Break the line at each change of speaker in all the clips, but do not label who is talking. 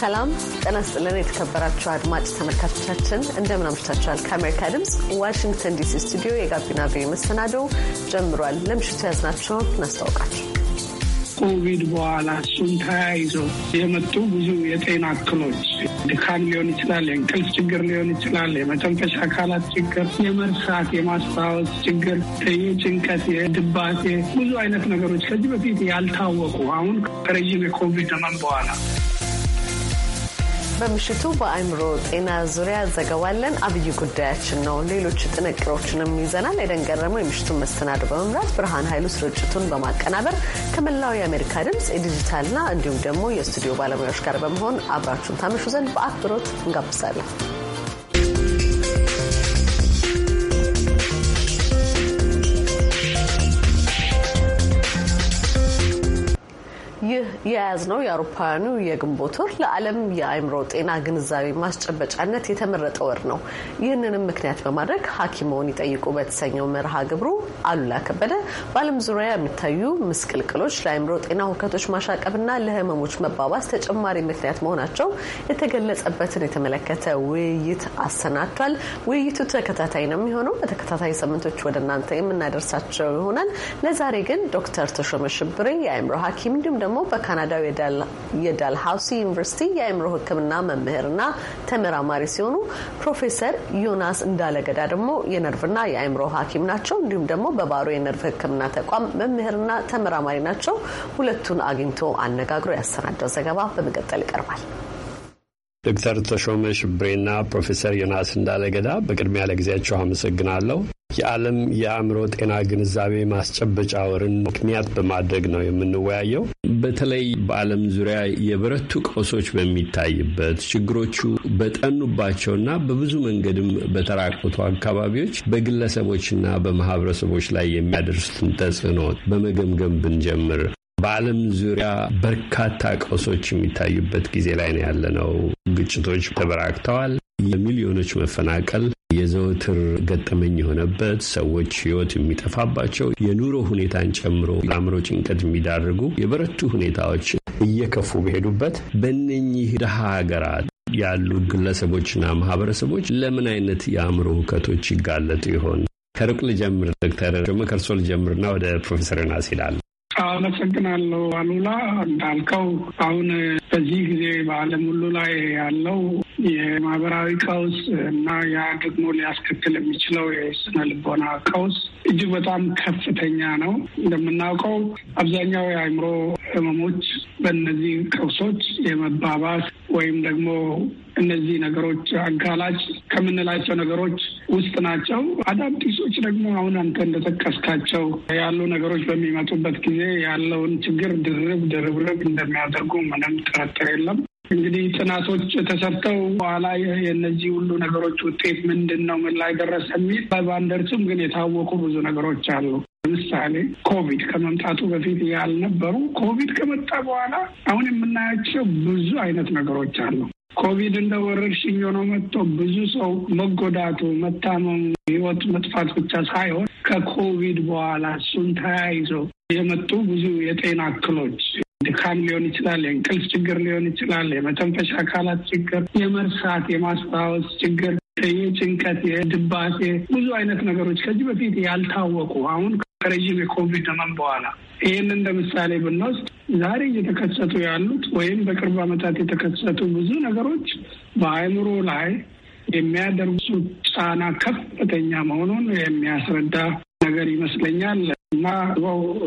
ሰላም ጤና ይስጥልን። የተከበራችሁ አድማጭ ተመልካቾቻችን እንደምን አምሽታችኋል? ከአሜሪካ ድምፅ ዋሽንግተን ዲሲ ስቱዲዮ የጋቢና ቪኦኤ መሰናዶው ጀምሯል። ለምሽቱ ያዝናቸውን እናስታውቃችሁ።
ከኮቪድ በኋላ እሱን ተያይዞ የመጡ ብዙ የጤና እክሎች ድካም ሊሆን ይችላል፣ የእንቅልፍ ችግር ሊሆን ይችላል፣ የመተንፈሻ አካላት ችግር፣ የመርሳት የማስታወስ ችግር፣ የጭንቀት፣ የድባቴ ብዙ አይነት ነገሮች ከዚህ በፊት ያልታወቁ አሁን ከረዥም የኮቪድ ዘመን በኋላ
በምሽቱ በአእምሮ ጤና ዙሪያ ዘገባለን አብይ ጉዳያችን ነው። ሌሎች ጥንቅሮችንም ይዘናል። የደንገረመው የምሽቱን መሰናዶ በመምራት ብርሃን ኃይሉ ስርጭቱን በማቀናበር ከመላው የአሜሪካ ድምፅ የዲጂታልና እንዲሁም ደግሞ የስቱዲዮ ባለሙያዎች ጋር በመሆን አብራችሁን ታመሹ ዘንድ በአክብሮት እንጋብዛለን። ይህ የያዝነው የአውሮፓውያኑ የግንቦት ወር ለዓለም የአእምሮ ጤና ግንዛቤ ማስጨበጫነት የተመረጠ ወር ነው። ይህንንም ምክንያት በማድረግ ሐኪሞን ይጠይቁ በተሰኘው መርሃ ግብሩ አሉላ ከበደ በዓለም ዙሪያ የሚታዩ ምስቅልቅሎች ለአእምሮ ጤና ሁከቶች ማሻቀብና ለህመሞች መባባስ ተጨማሪ ምክንያት መሆናቸው የተገለጸበትን የተመለከተ ውይይት አሰናድቷል። ውይይቱ ተከታታይ ነው የሚሆነው። በተከታታይ ሳምንቶች ወደ እናንተ የምናደርሳቸው ይሆናል። ለዛሬ ግን ዶክተር ተሾመ ሽብሬ የአእምሮ ሐኪም እንዲሁም ደግሞ በካናዳው የዳል ሀውሲ ዩኒቨርሲቲ የአእምሮ ሕክምና መምህርና ተመራማሪ ሲሆኑ ፕሮፌሰር ዮናስ እንዳለገዳ ደግሞ የነርቭና የአእምሮ ሐኪም ናቸው። እንዲሁም ደግሞ በባሮ የነርቭ ሕክምና ተቋም መምህርና ተመራማሪ ናቸው። ሁለቱን አግኝቶ አነጋግሮ ያሰናዳው ዘገባ በመቀጠል ይቀርባል።
ዶክተር ተሾመ ሽብሬና ፕሮፌሰር ዮናስ እንዳለገዳ በቅድሚያ ለጊዜያቸው አመሰግናለሁ። የዓለም የአእምሮ ጤና ግንዛቤ ማስጨበጫ ወርን ምክንያት በማድረግ ነው የምንወያየው። በተለይ በዓለም ዙሪያ የበረቱ ቀውሶች በሚታይበት ችግሮቹ በጠኑባቸውና በብዙ መንገድም በተራቆቱ አካባቢዎች በግለሰቦችና በማህበረሰቦች ላይ የሚያደርሱትን ተጽዕኖ በመገምገም ብንጀምር በዓለም ዙሪያ በርካታ ቀውሶች የሚታዩበት ጊዜ ላይ ነው ነው። ግጭቶች ተበራክተዋል። የሚሊዮኖች መፈናቀል የዘወትር ገጠመኝ የሆነበት ሰዎች ሕይወት የሚጠፋባቸው የኑሮ ሁኔታን ጨምሮ ለአእምሮ ጭንቀት የሚዳርጉ የበረቱ ሁኔታዎች እየከፉ በሄዱበት በእነኚህ ድሃ ሀገራት ያሉ ግለሰቦችና ማህበረሰቦች ለምን አይነት የአእምሮ ሁከቶች ይጋለጡ ይሆን? ከሩቅ ልጀምር ዶክተር መከርሶ ልጀምርና ወደ ፕሮፌሰር ናስ ይላል።
አመሰግናለሁ አሉላ። እንዳልከው አሁን በዚህ ጊዜ በዓለም ሁሉ ላይ ያለው የማህበራዊ ቀውስ እና ያ ደግሞ ሊያስከትል የሚችለው የስነ ልቦና ቀውስ እጅግ በጣም ከፍተኛ ነው። እንደምናውቀው አብዛኛው የአእምሮ ህመሞች በእነዚህ ቀውሶች የመባባስ ወይም ደግሞ እነዚህ ነገሮች አጋላጭ ከምንላቸው ነገሮች ውስጥ ናቸው። አዳዲሶች ደግሞ አሁን አንተ እንደጠቀስካቸው ያሉ ነገሮች በሚመጡበት ጊዜ ያለውን ችግር ድርብ ድርብርብ እንደሚያደርጉ ምንም ጥርጥር የለም። እንግዲህ ጥናቶች ተሰርተው በኋላ የእነዚህ ሁሉ ነገሮች ውጤት ምንድን ነው ምን ላይ ደረሰ የሚል ባንደርስም ግን የታወቁ ብዙ ነገሮች አሉ። ለምሳሌ ኮቪድ ከመምጣቱ በፊት ያልነበሩ ኮቪድ ከመጣ በኋላ አሁን የምናያቸው ብዙ አይነት ነገሮች አሉ። ኮቪድ እንደ ወረርሽኝ ሆኖ መጥቶ ብዙ ሰው መጎዳቱ፣ መታመሙ፣ ህይወት መጥፋት ብቻ ሳይሆን ከኮቪድ በኋላ እሱን ተያይዞ የመጡ ብዙ የጤና እክሎች ድካም ሊሆን ይችላል፣ የእንቅልፍ ችግር ሊሆን ይችላል፣ የመተንፈሻ አካላት ችግር፣ የመርሳት የማስታወስ ችግር፣ የጭንቀት፣ የድባሴ ብዙ አይነት ነገሮች ከዚህ በፊት ያልታወቁ አሁን ከረዥም የኮቪድ ህመም በኋላ ይህን እንደ ምሳሌ ብንወስድ ዛሬ እየተከሰቱ ያሉት ወይም በቅርብ ዓመታት የተከሰቱ ብዙ ነገሮች በአእምሮ ላይ የሚያደርሱት ጫና ከፍተኛ መሆኑን የሚያስረዳ ነገር ይመስለኛል። እና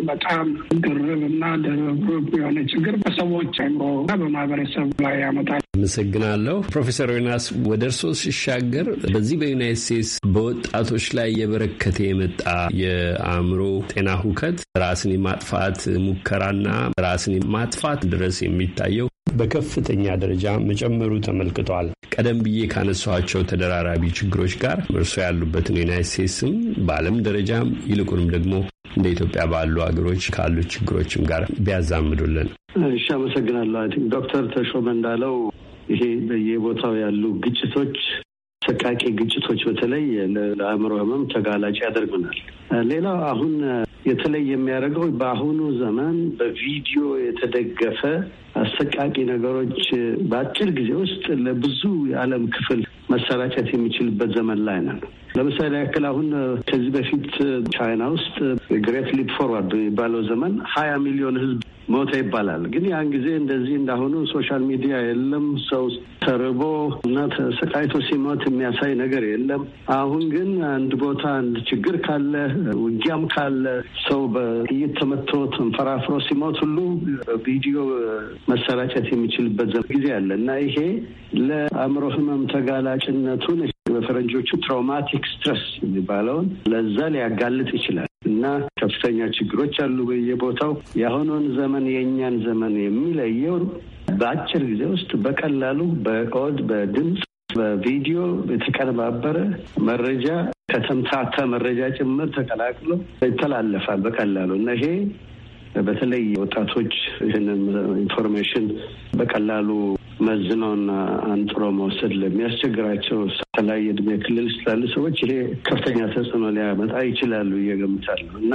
በጣም ድርብ እና ድርብ የሆነ ችግር በሰዎች አይምሮ እና በማህበረሰብ ላይ ያመጣል።
አመሰግናለሁ ፕሮፌሰር ዮናስ ወደ እርስዎ ሲሻገር በዚህ በዩናይት ስቴትስ በወጣቶች ላይ የበረከተ የመጣ የአእምሮ ጤና ሁከት ራስን የማጥፋት ሙከራና ራስን የማጥፋት ድረስ የሚታየው በከፍተኛ ደረጃ መጨመሩ ተመልክቷል። ቀደም ብዬ ካነሷቸው ተደራራቢ ችግሮች ጋር እርሶ ያሉበትን ዩናይት ስቴትስም በዓለም ደረጃም ይልቁንም ደግሞ እንደ ኢትዮጵያ ባሉ ሀገሮች ካሉ ችግሮችም ጋር ቢያዛምዱልን።
እሺ፣ አመሰግናለሁ። ዶክተር ተሾመ እንዳለው ይሄ በየቦታው ያሉ ግጭቶች ሰቃቂ ግጭቶች በተለይ ለአእምሮ ህመም ተጋላጭ ያደርጉናል። ሌላው አሁን የተለይ የሚያደርገው በአሁኑ ዘመን በቪዲዮ የተደገፈ አሰቃቂ ነገሮች በአጭር ጊዜ ውስጥ ለብዙ የዓለም ክፍል መሰራጨት የሚችልበት ዘመን ላይ ነው። ለምሳሌ ያክል አሁን ከዚህ በፊት ቻይና ውስጥ ግሬት ሊፕ ፎርዋርድ የሚባለው ዘመን ሀያ ሚሊዮን ህዝብ ሞተ ይባላል። ግን ያን ጊዜ እንደዚህ እንዳሁኑ ሶሻል ሚዲያ የለም። ሰው ተርቦ እና ተሰቃይቶ ሲሞት የሚያሳይ ነገር የለም። አሁን ግን አንድ ቦታ አንድ ችግር ካለ፣ ውጊያም ካለ፣ ሰው በጥይት ተመቶ ተንፈራፍሮ ሲሞት ሁሉ ቪዲዮ መሰራጨት የሚችልበት ጊዜ አለ እና ይሄ ለአእምሮ ህመም ተጋላጭነቱን በፈረንጆቹ ትራውማቲክ ስትረስ የሚባለውን ለዛ ሊያጋልጥ ይችላል። እና ከፍተኛ ችግሮች አሉ በየቦታው። የአሁኑን ዘመን የእኛን ዘመን የሚለየው በአጭር ጊዜ ውስጥ በቀላሉ በኦድ በድምፅ በቪዲዮ የተቀነባበረ መረጃ ከተምታታ መረጃ ጭምር ተቀላቅሎ ይተላለፋል በቀላሉ እና ይሄ በተለይ ወጣቶች ይህንን ኢንፎርሜሽን በቀላሉ መዝነውና አንጥሮ መውሰድ ለሚያስቸግራቸው የተለያየ እድሜ ክልል ስላሉ ሰዎች ይሄ ከፍተኛ ተጽዕኖ ሊያመጣ ይችላሉ እየገምታሉ እና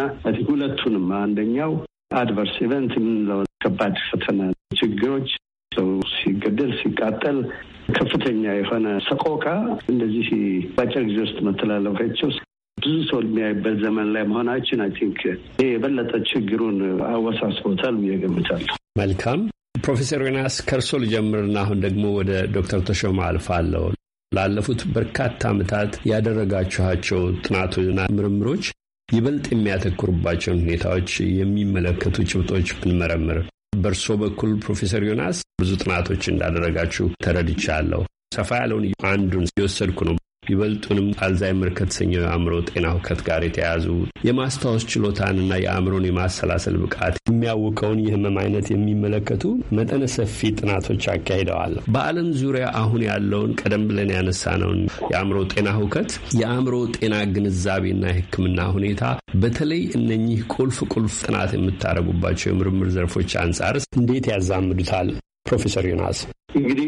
ሁለቱንም አንደኛው አድቨርስ ኢቨንት የምንለው ከባድ ፈተና ችግሮች ሰው ሲገደል ሲቃጠል ከፍተኛ የሆነ ሰቆቃ እንደዚህ በአጭር ጊዜ ውስጥ መተላለፋቸው ብዙ ሰው የሚያይበት ዘመን ላይ መሆናችን አይ ቲንክ የበለጠ ችግሩን አወሳስቦታል ብዬ ገምታለሁ።
መልካም ፕሮፌሰር ዮናስ ከእርሶ ልጀምርና አሁን ደግሞ ወደ ዶክተር ተሾመ አልፋለሁ። ላለፉት በርካታ ዓመታት ያደረጋችኋቸው ጥናቶችና ምርምሮች ይበልጥ የሚያተኩርባቸውን ሁኔታዎች የሚመለከቱ ጭብጦች ብንመረምር በእርሶ በኩል ፕሮፌሰር ዮናስ ብዙ ጥናቶች እንዳደረጋችሁ ተረድቻለሁ። ሰፋ ያለውን አንዱን የወሰድኩ ነው። ይበልጡንም አልዛይመር ከተሰኘው የአእምሮ ጤና ሁከት ጋር የተያያዙ የማስታወስ ችሎታንና የአእምሮን የማሰላሰል ብቃት የሚያውቀውን የህመም አይነት የሚመለከቱ መጠነ ሰፊ ጥናቶች አካሂደዋል። በዓለም ዙሪያ አሁን ያለውን ቀደም ብለን ያነሳነውን የአእምሮ ጤና ሁከት፣ የአእምሮ ጤና ግንዛቤና የህክምና ሁኔታ በተለይ እነኚህ ቁልፍ ቁልፍ ጥናት የምታደርጉባቸው የምርምር ዘርፎች አንጻርስ እንዴት ያዛምዱታል? ፕሮፌሰር ዮናስ
እንግዲህ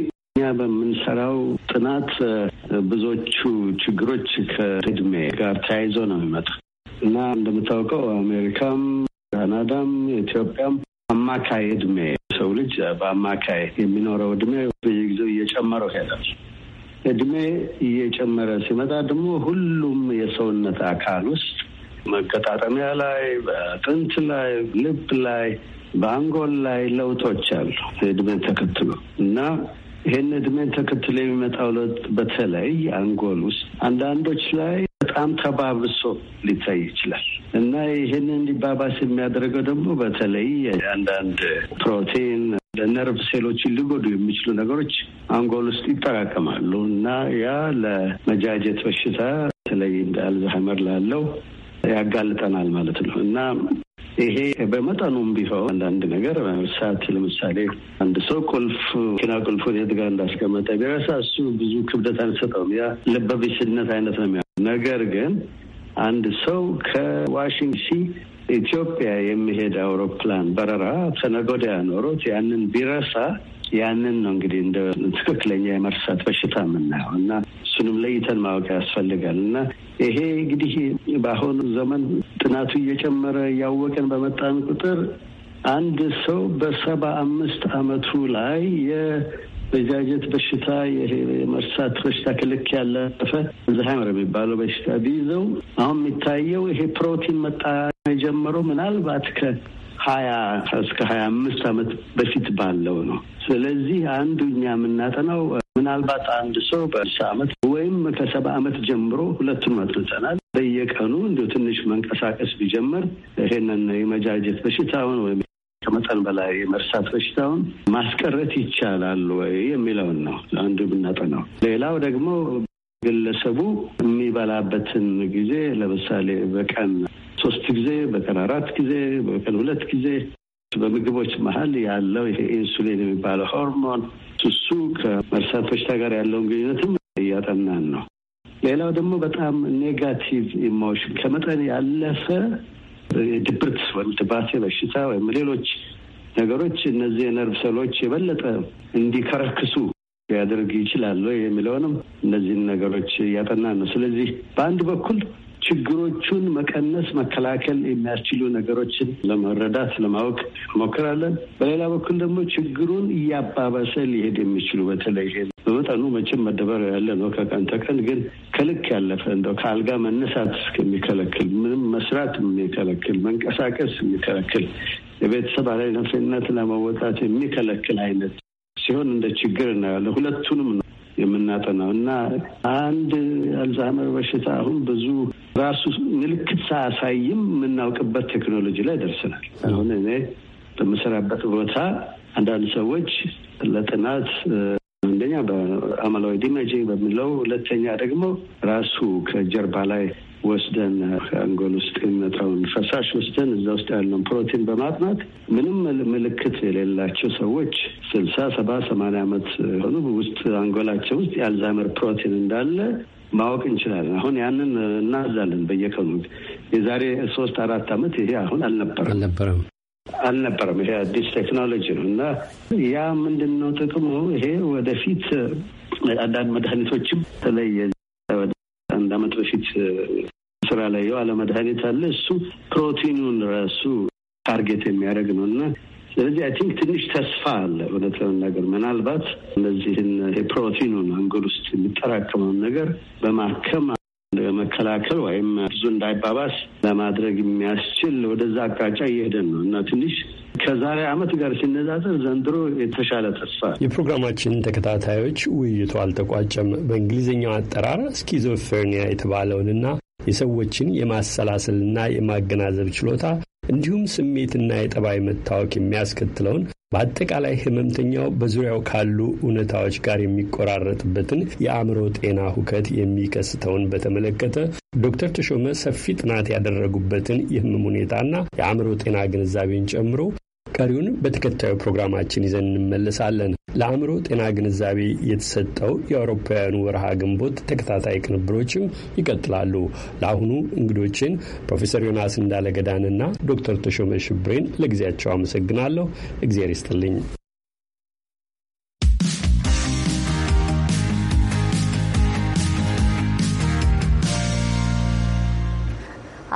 በምንሰራው ጥናት ብዙዎቹ ችግሮች ከእድሜ ጋር ተያይዞ ነው የሚመጣ እና እንደምታውቀው አሜሪካም፣ ካናዳም፣ ኢትዮጵያም አማካይ እድሜ ሰው ልጅ በአማካይ የሚኖረው እድሜ በየጊዜው እየጨመረው ሄዳል። እድሜ እየጨመረ ሲመጣ ደግሞ ሁሉም የሰውነት አካል ውስጥ መገጣጠሚያ ላይ፣ በጥንት ላይ፣ ልብ ላይ፣ በአንጎል ላይ ለውጦች አሉ እድሜ ተከትሎ እና ይህን እድሜን ተከትሎ የሚመጣው ለውጥ በተለይ አንጎል ውስጥ አንዳንዶች ላይ በጣም ተባብሶ ሊታይ ይችላል እና ይህን እንዲባባስ የሚያደርገው ደግሞ በተለይ አንዳንድ ፕሮቲን ለነርቭ ሴሎችን ሊጎዱ የሚችሉ ነገሮች አንጎል ውስጥ ይጠራቀማሉ እና ያ ለመጃጀት በሽታ በተለይ እንደ አልዛሀመር ላለው ያጋልጠናል ማለት ነው እና ይሄ በመጠኑም ቢሆን አንዳንድ ነገር እሳት ለምሳሌ አንድ ሰው ቁልፍ ኪና ቁልፉን የት ጋር እንዳስቀመጠ ቢረሳ እሱ ብዙ ክብደት አንሰጠውም። ያ ልበቢስነት አይነት ነው። የሚያ ነገር ግን አንድ ሰው ከዋሽንግ ዲሲ ኢትዮጵያ የሚሄድ አውሮፕላን በረራ ከነገ ወዲያ ኖሮት ያንን ቢረሳ ያንን ነው እንግዲህ እንደ ትክክለኛ የመርሳት በሽታ የምናየው እና እሱንም ለይተን ማወቅ ያስፈልጋል እና ይሄ እንግዲህ በአሁኑ ዘመን ጥናቱ እየጨመረ እያወቀን በመጣን ቁጥር አንድ ሰው በሰባ አምስት አመቱ ላይ የመጃጀት በሽታ የመርሳት በሽታ ክልክ ያለፈ ዝሃይመር የሚባለው በሽታ ቢይዘው አሁን የሚታየው ይሄ ፕሮቲን መጣ የጀመረው ምናልባት ከ ሀያ እስከ ሀያ አምስት አመት በፊት ባለው ነው። ስለዚህ አንዱ እኛ የምናጠናው ምናልባት አንድ ሰው በአዲስ ዓመት ወይም ከሰባ ዓመት ጀምሮ ሁለቱን መጥልጠናል በየቀኑ እንዲ ትንሽ መንቀሳቀስ ቢጀምር ይሄንን የመጃጀት በሽታውን ወይም ከመጠን በላይ የመርሳት በሽታውን ማስቀረት ይቻላል ወይ የሚለውን ነው አንዱ ነው። ሌላው ደግሞ ግለሰቡ የሚበላበትን ጊዜ ለምሳሌ በቀን ሶስት ጊዜ፣ በቀን አራት ጊዜ፣ በቀን ሁለት ጊዜ በምግቦች መሀል ያለው ይሄ ኢንሱሊን የሚባለው ሆርሞን እሱ ከመርሳት በሽታ ጋር ያለውን ግንኙነትም እያጠናን ነው። ሌላው ደግሞ በጣም ኔጋቲቭ ኢሞሽን ከመጠን ያለፈ ድብርት ወይም ድባቴ በሽታ ወይም ሌሎች ነገሮች እነዚህ የነርቭ ሰሎች የበለጠ እንዲከረክሱ ሊያደርግ ይችላሉ የሚለውንም እነዚህን ነገሮች እያጠናን ነው። ስለዚህ በአንድ በኩል ችግሮቹን መቀነስ፣ መከላከል የሚያስችሉ ነገሮችን ለመረዳት ለማወቅ እንሞክራለን። በሌላ በኩል ደግሞ ችግሩን እያባበሰ ሊሄድ የሚችሉ በተለይ በመጠኑ መቼም መደበር ያለ ነው ከቀን ተቀን ግን ከልክ ያለፈ እንደው ከአልጋ መነሳት እስከሚከለክል ምንም መስራት የሚከለክል መንቀሳቀስ የሚከለክል የቤተሰብ ኃላፊነት ለመወጣት የሚከለክል አይነት ሲሆን እንደ ችግር እናያለን። ሁለቱንም ነው የምናጠናው እና አንድ አልዛይመር በሽታ አሁን ብዙ ራሱ ምልክት ሳያሳይም የምናውቅበት ቴክኖሎጂ ላይ ደርሰናል። አሁን እኔ በምሰራበት ቦታ አንዳንድ ሰዎች ለጥናት አንደኛ በአመላዊ ዲመጂ በሚለው ሁለተኛ ደግሞ ራሱ ከጀርባ ላይ ወስደን ከአንጎል ውስጥ የሚመጣውን ፈሳሽ ወስደን እዛ ውስጥ ያለውን ፕሮቲን በማጥናት ምንም ምልክት የሌላቸው ሰዎች ስልሳ ሰባ ሰማንያ ዓመት ሆኑ ውስጥ አንጎላቸው ውስጥ የአልዛይመር ፕሮቲን እንዳለ ማወቅ እንችላለን። አሁን ያንን እናዛለን በየቀኑ የዛሬ ሶስት አራት ዓመት ይሄ አሁን አልነበረም አልነበረም አልነበረም። ይሄ አዲስ ቴክኖሎጂ ነው እና ያ ምንድን ነው ጥቅሙ? ይሄ ወደፊት አንዳንድ መድኃኒቶችም ተለየ አንድ ዓመት በፊት ስራ ላይ የዋለ መድኃኒት አለ። እሱ ፕሮቲኑን ራሱ ታርጌት የሚያደርግ ነው እና ስለዚህ አይ ቲንክ ትንሽ ተስፋ አለ። እውነት ለመናገር ምናልባት እነዚህን የፕሮቲኑን አንጎል ውስጥ የሚጠራቀመውን ነገር በማከም መከላከል ወይም ብዙ እንዳይባባስ ለማድረግ የሚያስችል ወደዛ አቅጣጫ እየሄደን ነው እና ትንሽ ከዛሬ ዓመት ጋር ሲነጻጸር ዘንድሮ የተሻለ ተስፋ።
የፕሮግራማችን ተከታታዮች ውይይቱ አልተቋጨም። በእንግሊዝኛው አጠራር ስኪዞፍሬኒያ የተባለውንና የሰዎችን የማሰላሰልና የማገናዘብ ችሎታ እንዲሁም ስሜትና የጠባይ መታወክ የሚያስከትለውን በአጠቃላይ ህመምተኛው በዙሪያው ካሉ እውነታዎች ጋር የሚቆራረጥበትን የአእምሮ ጤና ሁከት የሚከስተውን በተመለከተ ዶክተር ተሾመ ሰፊ ጥናት ያደረጉበትን የህመም ሁኔታና የአእምሮ ጤና ግንዛቤን ጨምሮ ቀሪውን በተከታዩ ፕሮግራማችን ይዘን እንመለሳለን። ለአእምሮ ጤና ግንዛቤ የተሰጠው የአውሮፓውያኑ ወርሃ ግንቦት ተከታታይ ቅንብሮችም ይቀጥላሉ። ለአሁኑ እንግዶችን ፕሮፌሰር ዮናስ እንዳለገዳንና ዶክተር ተሾመ ሽብሬን ለጊዜያቸው አመሰግናለሁ። እግዜር ይስጥልኝ።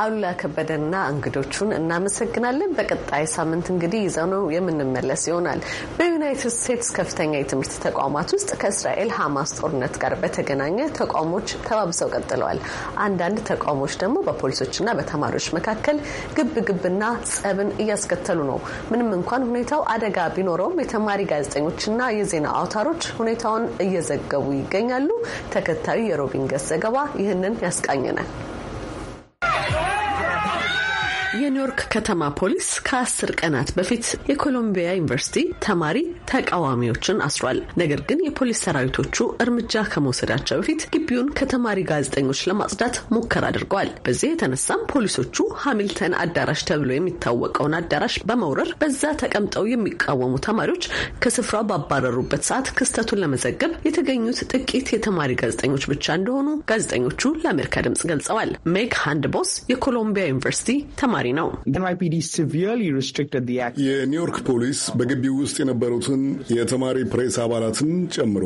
አሉላ ከበደና እንግዶቹን እናመሰግናለን። በቀጣይ ሳምንት እንግዲህ ይዘው ነው የምንመለስ ይሆናል። በዩናይትድ ስቴትስ ከፍተኛ የትምህርት ተቋማት ውስጥ ከእስራኤል ሀማስ ጦርነት ጋር በተገናኘ ተቃውሞች ተባብሰው ቀጥለዋል። አንዳንድ ተቃውሞች ደግሞ በፖሊሶችና በተማሪዎች መካከል ግብ ግብና ጸብን እያስከተሉ ነው። ምንም እንኳን ሁኔታው አደጋ ቢኖረውም የተማሪ ጋዜጠኞችና የዜና አውታሮች ሁኔታውን እየዘገቡ ይገኛሉ። ተከታዩ የሮቢን ገስ ዘገባ ይህንን ያስቃኝናል። የኒውዮርክ ከተማ ፖሊስ ከአስር ቀናት በፊት የኮሎምቢያ ዩኒቨርሲቲ ተማሪ ተቃዋሚዎችን አስሯል። ነገር ግን የፖሊስ ሰራዊቶቹ እርምጃ ከመውሰዳቸው በፊት ግቢውን ከተማሪ ጋዜጠኞች ለማጽዳት ሙከራ አድርገዋል። በዚህ የተነሳም ፖሊሶቹ ሃሚልተን አዳራሽ ተብሎ የሚታወቀውን አዳራሽ በመውረር በዛ ተቀምጠው የሚቃወሙ ተማሪዎች ከስፍራው ባባረሩበት ሰዓት ክስተቱን ለመዘገብ የተገኙት ጥቂት የተማሪ ጋዜጠኞች ብቻ እንደሆኑ ጋዜጠኞቹ ለአሜሪካ ድምጽ ገልጸዋል። ሜግ ሃንድ ቦስ የኮሎምቢያ ዩኒቨርሲቲ ተማሪ ተጨማሪ
ነው።
የኒውዮርክ ፖሊስ በግቢው ውስጥ የነበሩትን የተማሪ ፕሬስ አባላትን ጨምሮ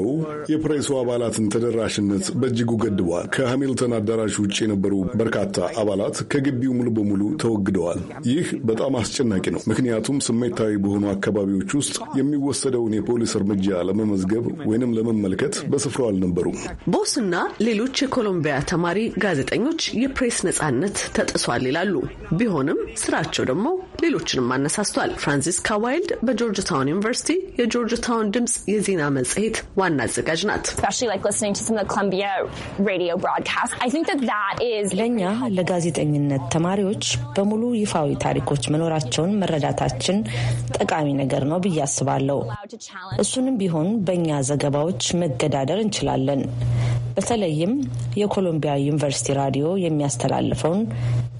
የፕሬሱ አባላትን ተደራሽነት በእጅጉ ገድቧል። ከሃሚልተን አዳራሽ ውጭ የነበሩ በርካታ አባላት ከግቢው ሙሉ በሙሉ ተወግደዋል። ይህ በጣም አስጨናቂ ነው። ምክንያቱም ስሜታዊ በሆኑ አካባቢዎች ውስጥ የሚወሰደውን የፖሊስ እርምጃ ለመመዝገብ ወይንም ለመመልከት በስፍራው አልነበሩም።
እና ሌሎች የኮሎምቢያ ተማሪ ጋዜጠኞች የፕሬስ ነጻነት ተጥሷል ይላሉ ቢሆን ቢሆንም ስራቸው ደግሞ ሌሎችንም አነሳስቷል። ፍራንሲስካ ዋይልድ በጆርጅ ታውን ዩኒቨርሲቲ የጆርጅ ታውን ድምፅ የዜና መጽሔት ዋና አዘጋጅ ናት።
ለእኛ ለጋዜጠኝነት ተማሪዎች በሙሉ ይፋዊ ታሪኮች መኖራቸውን መረዳታችን ጠቃሚ ነገር ነው ብዬ አስባለሁ።
እሱንም ቢሆን በእኛ ዘገባዎች መገዳደር እንችላለን። በተለይም የኮሎምቢያ ዩኒቨርሲቲ ራዲዮ የሚያስተላልፈውን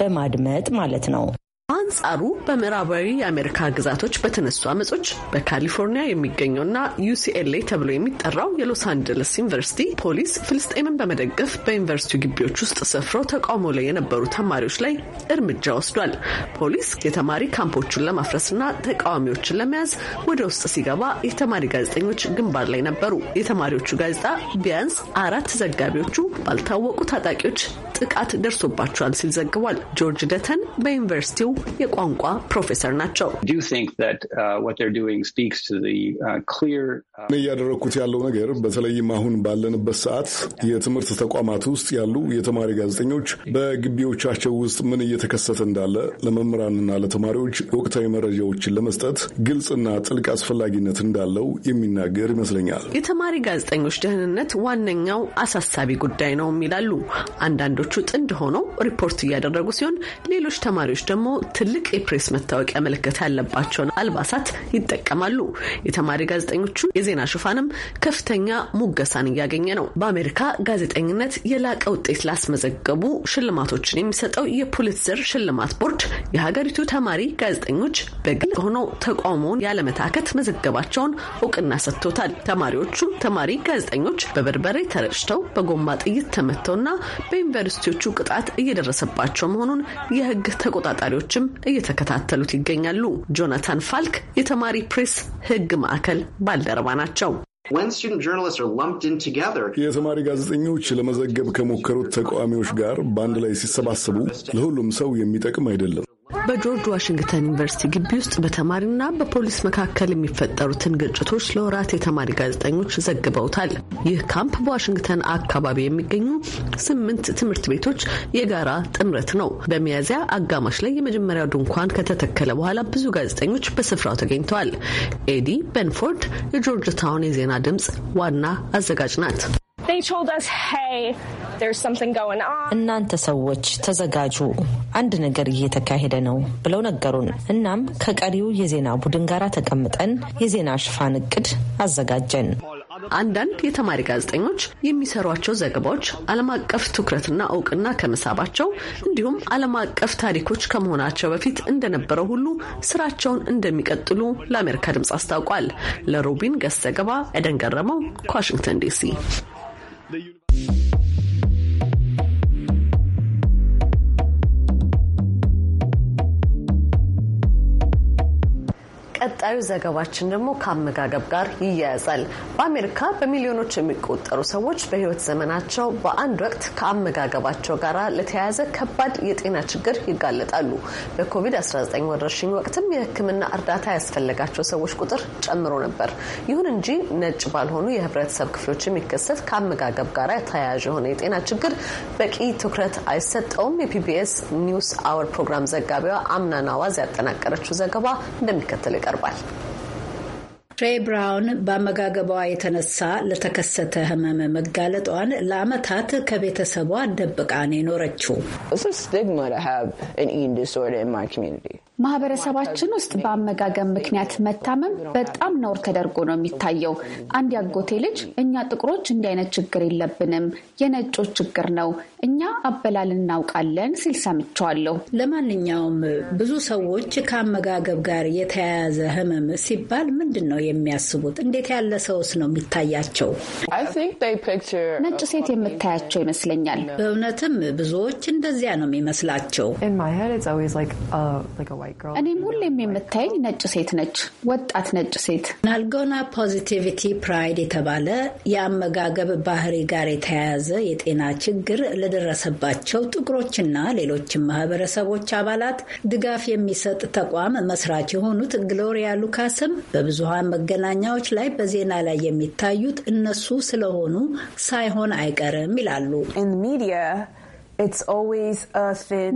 በማድመጥ ማለት ነው። በአንጻሩ በምዕራባዊ የአሜሪካ ግዛቶች በተነሱ አመጾች በካሊፎርኒያ የሚገኘውና ዩሲኤልኤ ተብሎ የሚጠራው የሎስ አንጀለስ ዩኒቨርሲቲ ፖሊስ ፍልስጤምን በመደገፍ በዩኒቨርሲቲው ግቢዎች ውስጥ ሰፍሮ ተቃውሞ ላይ የነበሩ ተማሪዎች ላይ እርምጃ ወስዷል። ፖሊስ የተማሪ ካምፖቹን ለማፍረስና ተቃዋሚዎችን ለመያዝ ወደ ውስጥ ሲገባ የተማሪ ጋዜጠኞች ግንባር ላይ ነበሩ። የተማሪዎቹ ጋዜጣ ቢያንስ አራት ዘጋቢዎቹ ባልታወቁ ታጣቂዎች ጥቃት ደርሶባቸዋል ሲል ዘግቧል። ጆርጅ ደተን በዩኒቨርሲቲው የቋንቋ ፕሮፌሰር ናቸው።
uh, uh,
uh, እያደረግኩት ያለው ነገር በተለይም አሁን ባለንበት ሰዓት የትምህርት ተቋማት ውስጥ ያሉ የተማሪ ጋዜጠኞች በግቢዎቻቸው ውስጥ ምን እየተከሰተ እንዳለ ለመምህራንና ለተማሪዎች ወቅታዊ መረጃዎችን ለመስጠት ግልጽና ጥልቅ አስፈላጊነት እንዳለው የሚናገር ይመስለኛል።
የተማሪ ጋዜጠኞች ደህንነት ዋነኛው አሳሳቢ ጉዳይ ነው ይላሉ። አንዳንዶቹ ጥንድ ሆነው ሪፖርት እያደረጉ ሲሆን፣ ሌሎች ተማሪዎች ደግሞ ትልቅ የፕሬስ መታወቂያ ምልክት ያለባቸውን አልባሳት ይጠቀማሉ። የተማሪ ጋዜጠኞቹ የዜና ሽፋንም ከፍተኛ ሙገሳን እያገኘ ነው። በአሜሪካ ጋዜጠኝነት የላቀ ውጤት ላስመዘገቡ ሽልማቶችን የሚሰጠው የፑሊትዘር ሽልማት ቦርድ የሀገሪቱ ተማሪ ጋዜጠኞች በግል ሆነው ተቃውሞውን ያለመታከት መዘገባቸውን እውቅና ሰጥቶታል። ተማሪዎቹ ተማሪ ጋዜጠኞች በበርበሬ ተረጭተው በጎማ ጥይት ተመተውና በዩኒቨርሲቲዎቹ ቅጣት እየደረሰባቸው መሆኑን የህግ ተቆጣጣሪዎች ባለሙያዎችም እየተከታተሉት ይገኛሉ። ጆናታን ፋልክ የተማሪ ፕሬስ ህግ ማዕከል
ባልደረባ ናቸው። የተማሪ ጋዜጠኞች ለመዘገብ ከሞከሩት ተቃዋሚዎች ጋር በአንድ ላይ ሲሰባሰቡ ለሁሉም ሰው የሚጠቅም አይደለም።
በጆርጅ ዋሽንግተን ዩኒቨርሲቲ ግቢ ውስጥ በተማሪና በፖሊስ መካከል የሚፈጠሩትን ግጭቶች ለወራት የተማሪ ጋዜጠኞች ዘግበውታል። ይህ ካምፕ በዋሽንግተን አካባቢ የሚገኙ ስምንት ትምህርት ቤቶች የጋራ ጥምረት ነው። በሚያዝያ አጋማሽ ላይ የመጀመሪያው ድንኳን ከተተከለ በኋላ ብዙ ጋዜጠኞች በስፍራው ተገኝተዋል። ኤዲ በንፎርድ የጆርጅ ታውን የዜና ድምፅ ዋና አዘጋጅ ናት። እናንተ ሰዎች ተዘጋጁ፣ አንድ ነገር እየተካሄደ ነው ብለው ነገሩን። እናም ከቀሪው የዜና ቡድን ጋር ተቀምጠን የዜና ሽፋን እቅድ አዘጋጀን። አንዳንድ የተማሪ ጋዜጠኞች የሚሰሯቸው ዘገባዎች ዓለም አቀፍ ትኩረትና እውቅና ከመሳባቸው እንዲሁም ዓለም አቀፍ ታሪኮች ከመሆናቸው በፊት እንደነበረው ሁሉ ስራቸውን እንደሚቀጥሉ ለአሜሪካ ድምፅ አስታውቋል። ለሮቢን ገስ ዘገባ ኤደን ገረመው ከዋሽንግተን ዲሲ ቀጣዩ ዘገባችን ደግሞ ከአመጋገብ ጋር ይያያዛል። በአሜሪካ በሚሊዮኖች የሚቆጠሩ ሰዎች በሕይወት ዘመናቸው በአንድ ወቅት ከአመጋገባቸው ጋር ለተያያዘ ከባድ የጤና ችግር ይጋለጣሉ። በኮቪድ-19 ወረርሽኝ ወቅትም የሕክምና እርዳታ ያስፈለጋቸው ሰዎች ቁጥር ጨምሮ ነበር። ይሁን እንጂ ነጭ ባልሆኑ የህብረተሰብ ክፍሎች የሚከሰት ከአመጋገብ ጋር ተያያዥ የሆነ የጤና ችግር በቂ ትኩረት አይሰጠውም። የፒቢኤስ ኒውስ አወር ፕሮግራም ዘጋቢዋ አምና ናዋዝ ያጠናቀረችው ዘገባ እንደሚከተል ይቀርባል። ቀርቧል።
ትሬ ብራውን በአመጋገቧ የተነሳ ለተከሰተ ሕመም መጋለጧን ለአመታት ከቤተሰቧ ደብቃን የኖረችው።
ማህበረሰባችን ውስጥ በአመጋገብ ምክንያት መታመም በጣም ነውር ተደርጎ ነው የሚታየው። አንድ ያጎቴ ልጅ እኛ ጥቁሮች እንዲህ አይነት ችግር የለብንም፣ የነጮች ችግር
ነው፣ እኛ አበላል እናውቃለን ሲል ሰምቸዋለሁ። ለማንኛውም ብዙ ሰዎች ከአመጋገብ ጋር የተያያዘ ህመም ሲባል ምንድን ነው የሚያስቡት? እንዴት ያለ ሰውስ ነው የሚታያቸው? ነጭ ሴት የምታያቸው ይመስለኛል። በእውነትም ብዙዎች እንደዚያ ነው የሚመስላቸው። እኔም ሁሌም የምታየኝ ነጭ ሴት ነች፣ ወጣት ነጭ ሴት። ናልጎና ፖዚቲቪቲ ፕራይድ የተባለ የአመጋገብ ባህሪ ጋር የተያያዘ የጤና ችግር ለደረሰባቸው ጥቁሮችና ሌሎችም ማህበረሰቦች አባላት ድጋፍ የሚሰጥ ተቋም መስራች የሆኑት ግሎሪያ ሉካስም በብዙሀን መገናኛዎች ላይ በዜና ላይ የሚታዩት እነሱ ስለሆኑ ሳይሆን አይቀርም ይላሉ።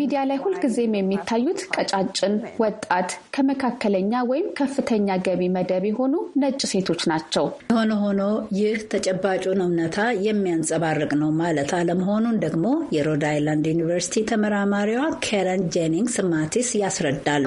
ሚዲያ ላይ ሁልጊዜም የሚታዩት ቀጫጭን፣
ወጣት፣ ከመካከለኛ ወይም ከፍተኛ ገቢ መደብ የሆኑ ነጭ ሴቶች
ናቸው። የሆነ ሆኖ ይህ ተጨባጩን እውነታ የሚያንጸባርቅ ነው ማለት አለመሆኑን ደግሞ የሮድ አይላንድ ዩኒቨርሲቲ ተመራማሪዋ ኬረን ጄኒንግስ ማቲስ ያስረዳሉ።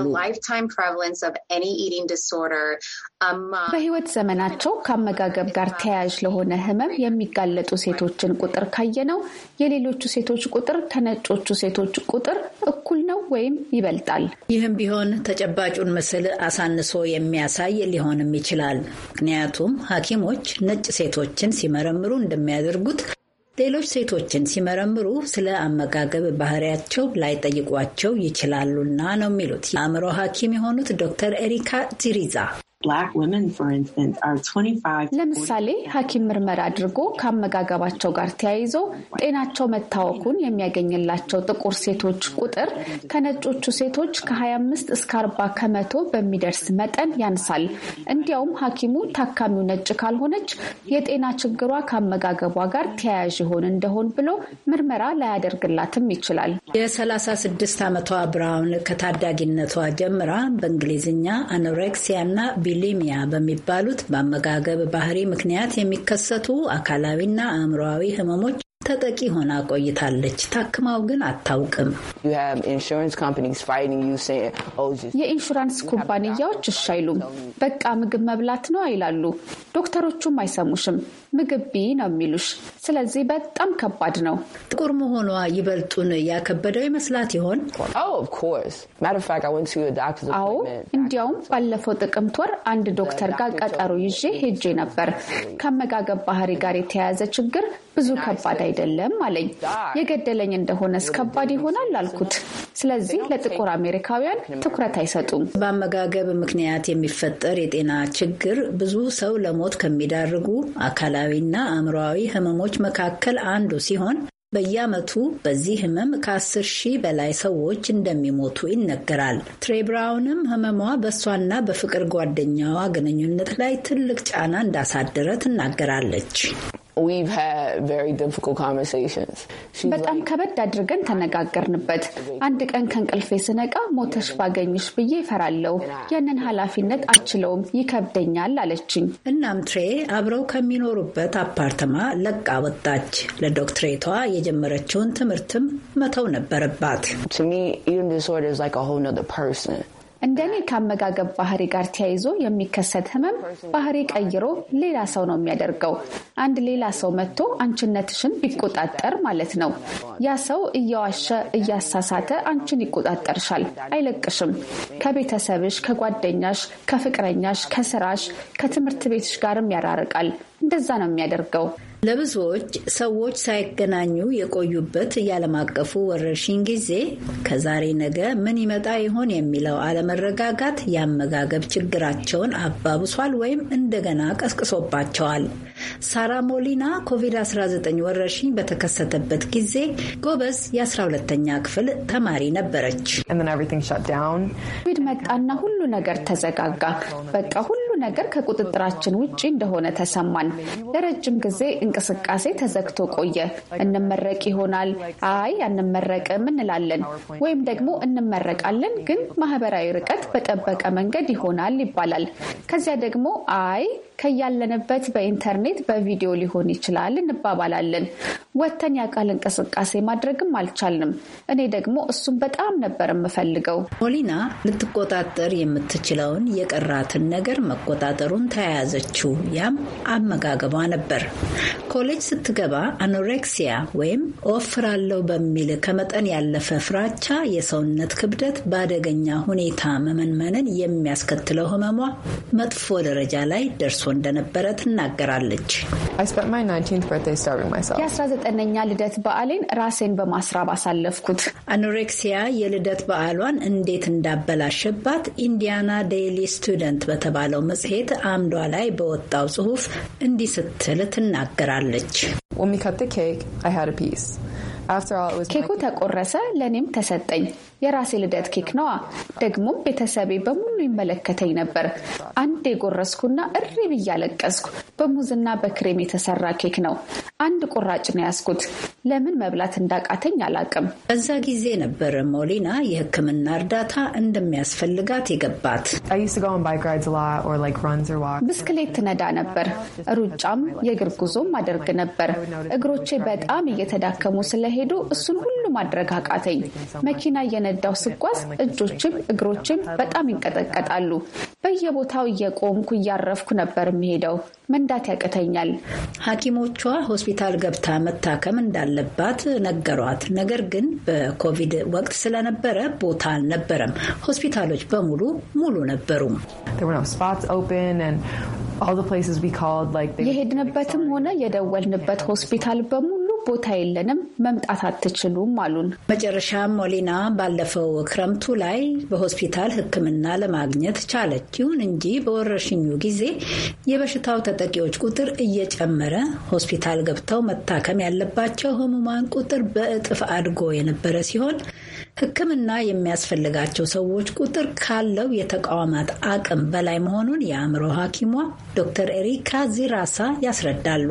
በህይወት ዘመናቸው ከአመጋገብ ጋር ተያያዥ ለሆነ ህመም የሚጋለጡ ሴቶችን ቁጥር ካየነው የሌሎቹ ሴቶች ቁጥር ከነጮቹ ሴቶች ቁጥር
እኩል ነው ወይም ይበልጣል። ይህም ቢሆን ተጨባጩን ምስል አሳንሶ የሚያሳይ ሊሆንም ይችላል። ምክንያቱም ሐኪሞች ነጭ ሴቶችን ሲመረምሩ እንደሚያደርጉት ሌሎች ሴቶችን ሲመረምሩ ስለ አመጋገብ ባህሪያቸው ላይጠይቋቸው ይችላሉና ነው የሚሉት የአእምሮ ሐኪም የሆኑት ዶክተር ኤሪካ ዚሪዛ
ለምሳሌ ሐኪም ምርመራ አድርጎ ከአመጋገባቸው ጋር ተያይዞ ጤናቸው መታወኩን የሚያገኝላቸው ጥቁር ሴቶች ቁጥር ከነጮቹ ሴቶች ከ25 እስከ 40 ከመቶ በሚደርስ መጠን ያንሳል። እንዲያውም ሐኪሙ ታካሚው ነጭ ካልሆነች የጤና ችግሯ ከአመጋገቧ ጋር ተያያዥ ይሆን እንደሆን ብሎ
ምርመራ ላያደርግላትም ይችላል። የ36 ዓመቷ ብራውን ከታዳጊነቷ ጀምራ በእንግሊዝኛ አኖሬክሲያ እና ቦቱሊሚያ በሚባሉት በአመጋገብ ባህሪ ምክንያት የሚከሰቱ አካላዊና አእምሮዊ ህመሞች ተጠቂ ሆና ቆይታለች። ታክማው ግን አታውቅም። oh,
የኢንሹራንስ ኩባንያዎች እሺ አይሉም። በቃ ምግብ መብላት ነው አይላሉ። ዶክተሮቹም አይሰሙሽም። ምግብ ቢ ነው የሚሉሽ። ስለዚህ በጣም ከባድ ነው።
ጥቁር መሆኗ ይበልጡን ያከበደው ይመስላት ይሆን? Oh, አዎ፣ እንዲያውም ባለፈው ጥቅምት ወር አንድ ዶክተር ጋር ቀጠሮ ይዤ ሄጄ
ነበር። ከአመጋገብ ባህሪ ጋር የተያያዘ ችግር ብዙ ከባድ አይደለም አለኝ።
የገደለኝ እንደሆነ እስከባድ ይሆናል አልኩት። ስለዚህ ለጥቁር አሜሪካውያን ትኩረት አይሰጡም። በአመጋገብ ምክንያት የሚፈጠር የጤና ችግር ብዙ ሰው ለሞት ከሚዳርጉ አካላዊና አእምሮዊ ህመሞች መካከል አንዱ ሲሆን በየዓመቱ በዚህ ህመም ከአስር ሺህ በላይ ሰዎች እንደሚሞቱ ይነገራል። ትሬ ብራውንም ህመሟ በእሷና በፍቅር ጓደኛዋ ግንኙነት ላይ ትልቅ ጫና እንዳሳደረ ትናገራለች።
በጣም ከበድ አድርገን ተነጋገርንበት። አንድ ቀን ከእንቅልፌ ስነቃ ሞተሽ ባገኝሽ ብዬ እፈራለሁ። ያንን ኃላፊነት አችለውም ይከብደኛል አለችኝ። እናም
ትሬ አብረው ከሚኖሩበት አፓርተማ ለቃ ወጣች። ለዶክትሬቷ የጀመረችውን ትምህርትም መተው ነበረባት።
እንደኔ ከአመጋገብ ባህሪ ጋር ተያይዞ የሚከሰት ህመም ባህሪ ቀይሮ ሌላ ሰው ነው የሚያደርገው። አንድ ሌላ ሰው መጥቶ አንችነትሽን ቢቆጣጠር ማለት ነው። ያ ሰው እየዋሸ እያሳሳተ አንችን ይቆጣጠርሻል፣ አይለቅሽም። ከቤተሰብሽ፣ ከጓደኛሽ፣ ከፍቅረኛሽ፣ ከስራሽ፣ ከትምህርት ቤትሽ ጋርም
ያራርቃል። እንደዛ ነው የሚያደርገው። ለብዙዎች ሰዎች ሳይገናኙ የቆዩበት የዓለም አቀፉ ወረርሽኝ ጊዜ ከዛሬ ነገ ምን ይመጣ ይሆን የሚለው አለመረጋጋት የአመጋገብ ችግራቸውን አባብሷል ወይም እንደገና ቀስቅሶባቸዋል። ሳራ ሞሊና ኮቪድ-19 ወረርሽኝ በተከሰተበት ጊዜ ጎበዝ የ12ተኛ ክፍል ተማሪ ነበረች።
ኮቪድ መጣና ሁሉ ነገር ተዘጋጋ። በቃ ሁሉ ነገር ከቁጥጥራችን ውጭ እንደሆነ ተሰማን። ለረጅም ጊዜ እንቅስቃሴ ተዘግቶ ቆየ። እንመረቅ ይሆናል፣ አይ አንመረቅም እንላለን፣ ወይም ደግሞ እንመረቃለን ግን ማህበራዊ ርቀት በጠበቀ መንገድ ይሆናል ይባላል። ከዚያ ደግሞ አይ ከያለንበት በኢንተርኔት በቪዲዮ ሊሆን ይችላል እንባባላለን። ወተን የአካል እንቅስቃሴ
ማድረግም አልቻልንም። እኔ ደግሞ እሱን በጣም ነበር የምፈልገው። ፖሊና ልትቆጣጠር የምትችለውን የቀራትን ነገር መቆጣጠሩን ተያያዘችው። ያም አመጋገቧ ነበር። ኮሌጅ ስትገባ አኖሬክሲያ ወይም እወፍራለሁ በሚል ከመጠን ያለፈ ፍራቻ የሰውነት ክብደት በአደገኛ ሁኔታ መመንመንን የሚያስከትለው ህመሟ መጥፎ ደረጃ ላይ ደርሷል። እንደነበረ ትናገራለች።
የ19ኛ ልደት በዓሌን
ራሴን በማስራብ አሳለፍኩት። አኖሬክሲያ የልደት በዓሏን እንዴት እንዳበላሸባት ኢንዲያና ዴይሊ ስቱደንት በተባለው መጽሔት አምዷ ላይ በወጣው ጽሑፍ እንዲህ ስትል ትናገራለች።
ኬኩ ተቆረሰ፣ ለእኔም ተሰጠኝ። የራሴ ልደት ኬክ ነዋ። ደግሞም ቤተሰቤ በሙሉ ይመለከተኝ ነበር። አንድ የጎረስኩና እሪ ብዬ እያለቀስኩ በሙዝና በክሬም የተሰራ ኬክ ነው። አንድ ቁራጭ ነው ያስኩት። ለምን መብላት
እንዳቃተኝ አላቅም። በዛ ጊዜ ነበር ሞሊና የሕክምና እርዳታ እንደሚያስፈልጋት የገባት።
ብስክሌት ትነዳ ነበር። ሩጫም የእግር ጉዞም አደርግ ነበር። እግሮቼ በጣም እየተዳከሙ ስለሄዱ እሱን ሁሉ ማድረግ አቃተኝ። መኪና እየነ እየነዳው ስጓዝ እጆችም እግሮችም በጣም ይንቀጠቀጣሉ። በየቦታው እየቆምኩ እያረፍኩ ነበር የሚሄደው
መንዳት ያቅተኛል። ሐኪሞቿ ሆስፒታል ገብታ መታከም እንዳለባት ነገሯት። ነገር ግን በኮቪድ ወቅት ስለነበረ ቦታ አልነበረም። ሆስፒታሎች በሙሉ ሙሉ ነበሩ። የሄድንበትም ሆነ የደወልንበት ሆስፒታል በሙሉ ቦታ የለንም፣ መምጣት አትችሉም አሉን። መጨረሻም ሞሊና ባለፈው ክረምቱ ላይ በሆስፒታል ሕክምና ለማግኘት ቻለች። ይሁን እንጂ በወረርሽኙ ጊዜ የበሽታው ተጠቂዎች ቁጥር እየጨመረ ሆስፒታል ገብተው መታከም ያለባቸው ህሙማን ቁጥር በእጥፍ አድጎ የነበረ ሲሆን ሕክምና የሚያስፈልጋቸው ሰዎች ቁጥር ካለው የተቋማት አቅም በላይ መሆኑን የአእምሮ ሐኪሟ ዶክተር ኤሪካ ዚራሳ ያስረዳሉ።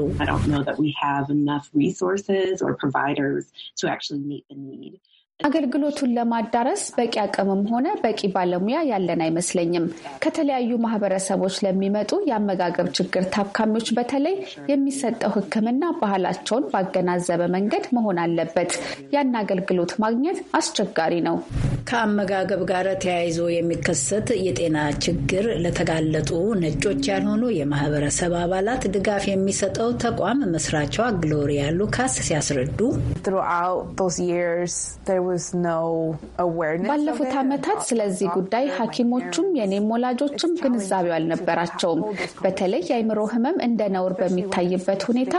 አገልግሎቱን ለማዳረስ በቂ አቅምም ሆነ በቂ ባለሙያ ያለን አይመስለኝም። ከተለያዩ ማህበረሰቦች ለሚመጡ የአመጋገብ ችግር ታካሚዎች በተለይ የሚሰጠው ሕክምና ባህላቸውን ባገናዘበ መንገድ መሆን አለበት።
ያን አገልግሎት ማግኘት አስቸጋሪ ነው። ከአመጋገብ ጋር ተያይዞ የሚከሰት የጤና ችግር ለተጋለጡ ነጮች ያልሆኑ የማህበረሰብ አባላት ድጋፍ የሚሰጠው ተቋም መስራቿ ግሎሪያ ሉካስ ሲያስረዱ
ባለፉት ዓመታት ስለዚህ ጉዳይ ሐኪሞቹም የኔም ወላጆችም ግንዛቤው አልነበራቸውም። በተለይ የአይምሮ ህመም እንደ ነውር በሚታይበት ሁኔታ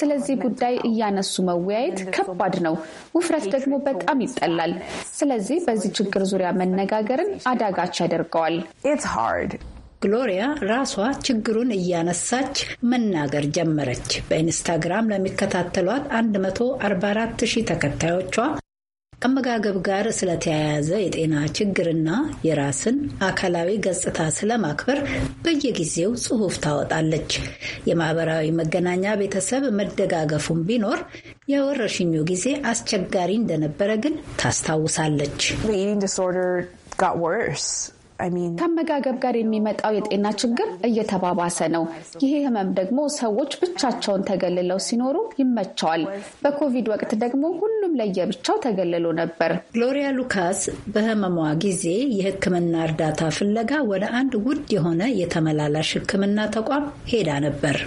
ስለዚህ ጉዳይ እያነሱ መወያየት ከባድ ነው። ውፍረት ደግሞ በጣም ይጠላል። ስለዚህ በዚህ ችግር ዙሪያ መነጋገርን አዳጋች
ያደርገዋል። ግሎሪያ ራሷ ችግሩን እያነሳች መናገር ጀመረች። በኢንስታግራም ለሚከታተሏት 144 ሺህ ተከታዮቿ ከአመጋገብ ጋር ስለተያያዘ የጤና ችግርና የራስን አካላዊ ገጽታ ስለማክበር በየጊዜው ጽሑፍ ታወጣለች። የማህበራዊ መገናኛ ቤተሰብ መደጋገፉን ቢኖር የወረርሽኙ ጊዜ አስቸጋሪ እንደነበረ ግን ታስታውሳለች።
ከአመጋገብ ጋር የሚመጣው የጤና ችግር እየተባባሰ ነው። ይሄ ህመም ደግሞ ሰዎች ብቻቸውን ተገልለው ሲኖሩ ይመቸዋል። በኮቪድ ወቅት ደግሞ
ሁሉም ለየብቻው ተገልሎ ነበር። ግሎሪያ ሉካስ በህመሟ ጊዜ የህክምና እርዳታ ፍለጋ ወደ አንድ ውድ የሆነ የተመላላሽ ህክምና ተቋም ሄዳ ነበር።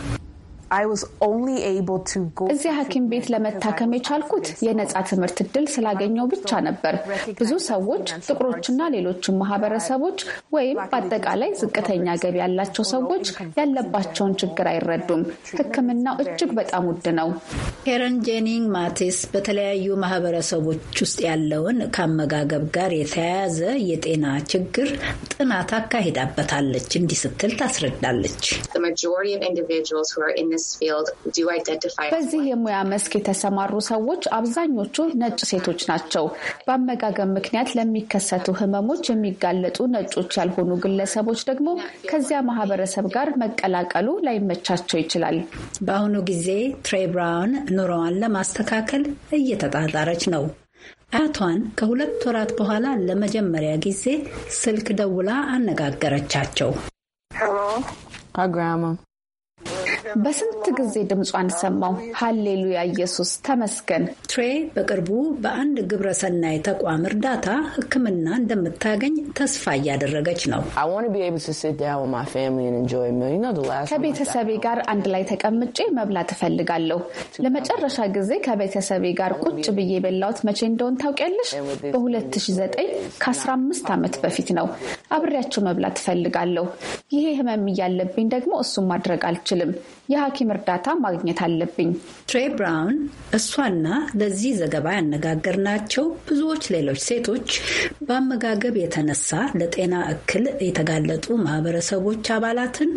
እዚህ ሐኪም ቤት ለመታከም የቻልኩት የነጻ
ትምህርት እድል ስላገኘው ብቻ ነበር። ብዙ ሰዎች ጥቁሮችና ሌሎችን ማህበረሰቦች ወይም በአጠቃላይ ዝቅተኛ ገቢ ያላቸው ሰዎች ያለባቸውን ችግር
አይረዱም። ሕክምናው እጅግ በጣም ውድ ነው። ሄረን ጄኒንግ ማቴስ በተለያዩ ማህበረሰቦች ውስጥ ያለውን ከአመጋገብ ጋር የተያያዘ የጤና ችግር ጥናት አካሂዳበታለች። እንዲህ ስትል ታስረዳለች።
በዚህ የሙያ መስክ የተሰማሩ ሰዎች አብዛኞቹ ነጭ ሴቶች ናቸው። በአመጋገብ ምክንያት ለሚከሰቱ ህመሞች የሚጋለጡ ነጮች ያልሆኑ ግለሰቦች ደግሞ ከዚያ ማህበረሰብ ጋር መቀላቀሉ ላይመቻቸው
ይችላል። በአሁኑ ጊዜ ትሬ ብራውን ኑሮዋን ለማስተካከል እየተጣጣረች ነው። አያቷን ከሁለት ወራት በኋላ ለመጀመሪያ ጊዜ ስልክ ደውላ አነጋገረቻቸው። በስንት ጊዜ ድምጿን ሰማው። ሀሌሉያ ኢየሱስ ተመስገን። ትሬ በቅርቡ በአንድ ሰናይ ተቋም እርዳታ ሕክምና እንደምታገኝ ተስፋ እያደረገች ነው።
ከቤተሰቤ ጋር አንድ ላይ ተቀምጬ መብላት እፈልጋለሁ። ለመጨረሻ ጊዜ ከቤተሰቤ ጋር ቁጭ ብዬ የበላሁት መቼ እንደሆን ታውቂያለሽ? በ2009 ከ15 ዓመት በፊት ነው። አብሬያቸው መብላት እፈልጋለሁ። ይሄ ህመም እያለብኝ ደግሞ እሱን ማድረግ አልችልም።
የሐኪም እርዳታ ማግኘት አለብኝ። ትሬ ብራውን እሷና ለዚህ ዘገባ ያነጋገርናቸው ብዙዎች ሌሎች ሴቶች በአመጋገብ የተነሳ ለጤና እክል የተጋለጡ ማህበረሰቦች አባላትን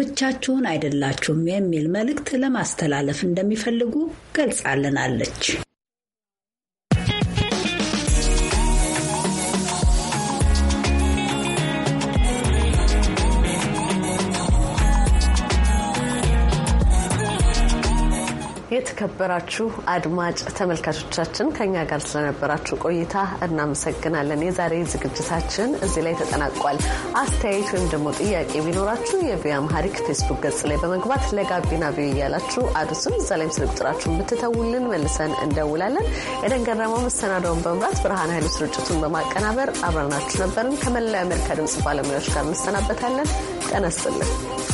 ብቻችሁን አይደላችሁም የሚል መልእክት ለማስተላለፍ እንደሚፈልጉ ገልጻልናለች።
የተከበራችሁ አድማጭ ተመልካቾቻችን ከኛ ጋር ስለነበራችሁ ቆይታ እናመሰግናለን። የዛሬ ዝግጅታችን እዚህ ላይ ተጠናቋል። አስተያየት ወይም ደግሞ ጥያቄ ቢኖራችሁ የቪያ አምሃሪክ ፌስቡክ ገጽ ላይ በመግባት ለጋቢና ቪኦኤ እያላችሁ አድርሱን። እዛ ላይም ስልክ ቁጥራችሁን ብትተውልን መልሰን እንደውላለን። ኤደን ገረመው መሰናዳውን በመምራት ብርሃን ኃይሉ ስርጭቱን በማቀናበር አብረናችሁ ነበርን። ከመላው የአሜሪካ ድምጽ ባለሙያዎች ጋር እንሰናበታለን። ጤና ይስጥልን።